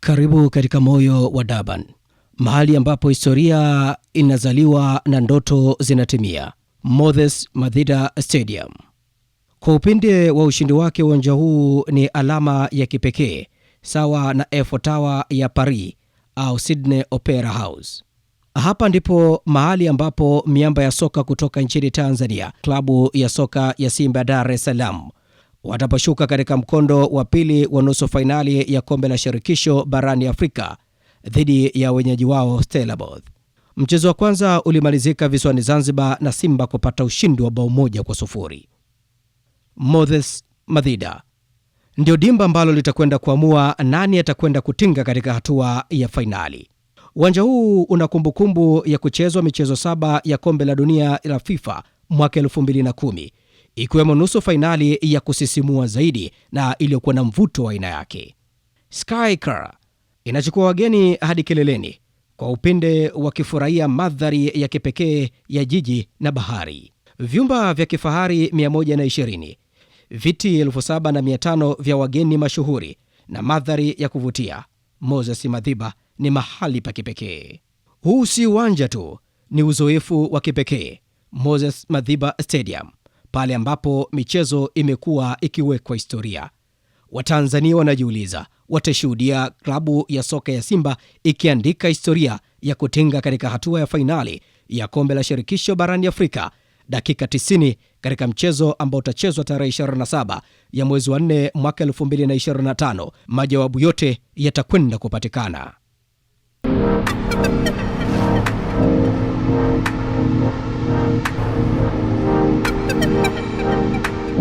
Karibu katika moyo wa Durban, mahali ambapo historia inazaliwa na ndoto zinatimia. Moses Madida Stadium. Kwa upinde wa ushindi wake, uwanja huu ni alama ya kipekee, sawa na Eiffel Tower ya Paris au Sydney Opera House. Hapa ndipo mahali ambapo miamba ya soka kutoka nchini Tanzania, klabu ya soka ya Simba Dar es Salaam wataposhuka katika mkondo wa pili wa nusu fainali ya kombe la shirikisho barani Afrika dhidi ya wenyeji wao Stellenbosch. Mchezo wa kwanza ulimalizika visiwani Zanzibar na Simba kupata ushindi wa bao moja kwa sufuri. Moses Madhida ndio dimba ambalo litakwenda kuamua nani atakwenda kutinga katika hatua ya fainali. Uwanja huu una kumbukumbu ya kuchezwa michezo saba ya kombe la dunia la FIFA mwaka 2010 ikiwemo nusu fainali ya kusisimua zaidi na iliyokuwa na mvuto wa aina yake. Skycar inachukua wageni hadi kileleni kwa upinde wakifurahia madhari ya kipekee ya jiji na bahari. Vyumba vya kifahari 120, viti 7500 vya wageni mashuhuri na madhari ya kuvutia. Moses Madhiba, ni mahali pa kipekee. Huu si uwanja tu, ni uzoefu wa kipekee. Moses Madhiba Stadium pale ambapo michezo imekuwa ikiwekwa historia. Watanzania wanajiuliza watashuhudia klabu ya soka ya Simba ikiandika historia ya kutinga katika hatua ya fainali ya kombe la shirikisho barani Afrika dakika 90 katika mchezo ambao utachezwa tarehe 27 ya mwezi wa 4 mwaka 2025. Majawabu yote yatakwenda kupatikana.